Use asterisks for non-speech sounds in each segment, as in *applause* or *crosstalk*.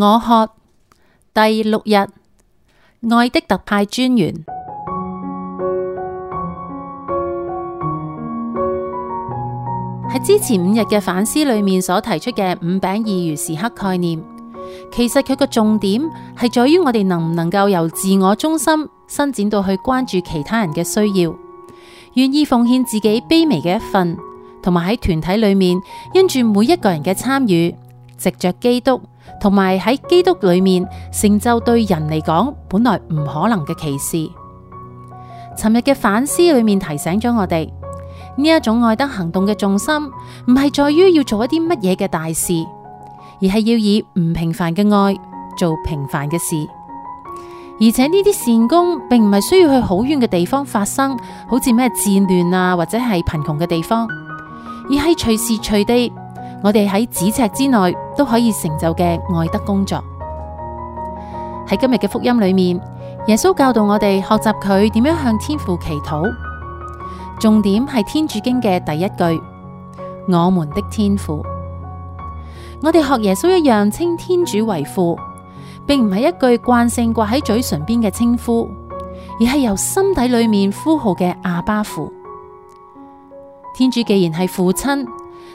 我渴，第六日，愛的特派專員，喺 *music* 之前五日嘅反思裏面所提出嘅五餅二魚時刻概念，其實佢個重點係在於我哋能唔能夠由自我中心伸展到去關注其他人嘅需要，願意奉獻自己卑微嘅一份，同埋喺團體裏面因住每一個人嘅參與，藉着基督。同埋喺基督裏面成就對人嚟講本來唔可能嘅奇事。尋日嘅反思裏面提醒咗我哋呢一種愛德行動嘅重心，唔係在於要做一啲乜嘢嘅大事，而係要以唔平凡嘅愛做平凡嘅事。而且呢啲善工並唔係需要去好遠嘅地方發生，好似咩戰亂啊或者係貧窮嘅地方，而係隨時隨地。我哋喺咫尺之內都可以成就嘅愛德工作，喺今日嘅福音裏面，耶穌教導我哋學習佢點樣向天父祈禱。重點係天主經嘅第一句：我們的天父。我哋學耶穌一樣稱天主為父，並唔係一句慣性掛喺嘴唇邊嘅稱呼，而係由心底裏面呼號嘅阿爸父。天主既然係父親，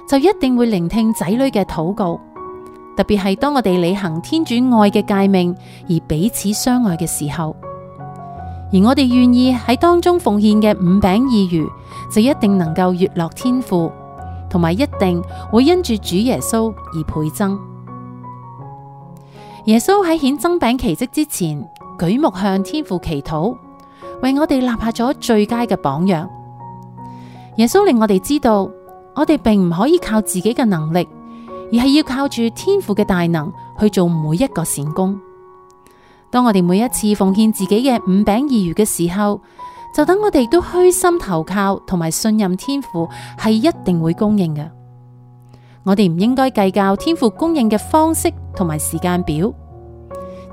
就一定會聆聽仔女嘅禱告，特別係當我哋履行天主愛嘅誡命而彼此相愛嘅時候，而我哋願意喺當中奉獻嘅五餅二魚，就一定能夠悅樂天父，同埋一定會因住主耶穌而倍增。耶穌喺顯增餅奇蹟之前，舉目向天父祈禱，為我哋立下咗最佳嘅榜樣。耶穌令我哋知道。我哋並唔可以靠自己嘅能力，而係要靠住天父嘅大能去做每一個善工。當我哋每一次奉獻自己嘅五餅二魚嘅時候，就等我哋都虛心投靠同埋信任天父，係一定會供應嘅。我哋唔應該計較天父供應嘅方式同埋時間表，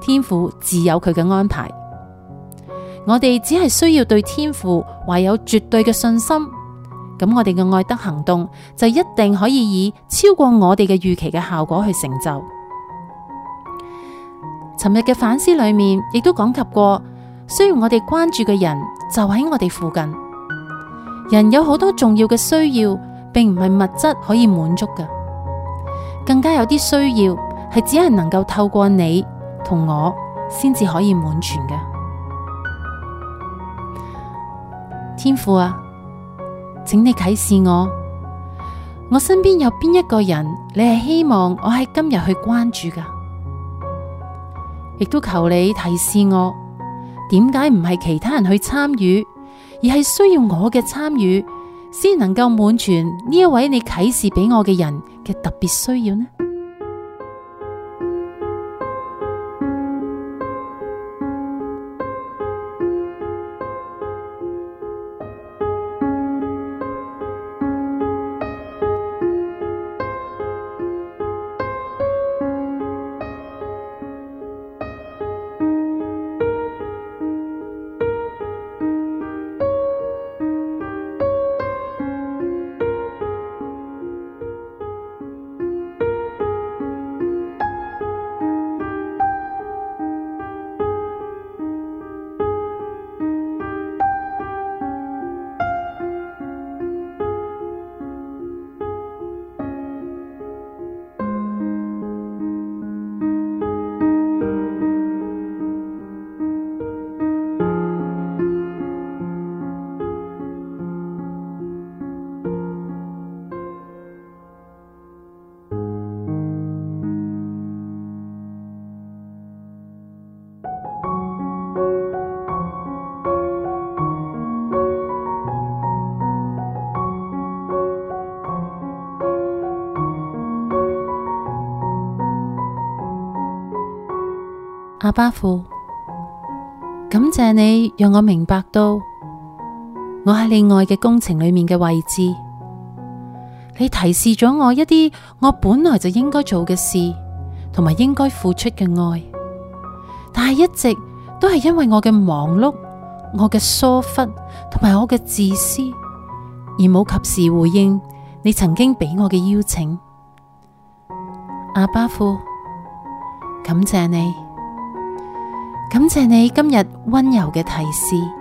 天父自有佢嘅安排。我哋只係需要對天父懷有絕對嘅信心。咁我哋嘅愛德行動就一定可以以超過我哋嘅預期嘅效果去成就。尋日嘅反思裏面亦都講及過，需要我哋關注嘅人就喺我哋附近，人有好多重要嘅需要，並唔係物質可以滿足嘅，更加有啲需要係只係能夠透過你同我先至可以滿全嘅。天父啊！請你啟示我，我身邊有邊一個人，你係希望我喺今日去關注噶？亦都求你提示我，點解唔係其他人去參與，而係需要我嘅參與，先能夠滿全呢一位你啟示俾我嘅人嘅特別需要呢？阿爸父，感謝你讓我明白到我喺你愛嘅工程裏面嘅位置。你提示咗我一啲我本來就應該做嘅事，同埋應該付出嘅愛，但係一直都係因為我嘅忙碌、我嘅疏忽同埋我嘅自私，而冇及時回應你曾經俾我嘅邀請。阿爸父，感謝你。感謝你今日溫柔嘅提示。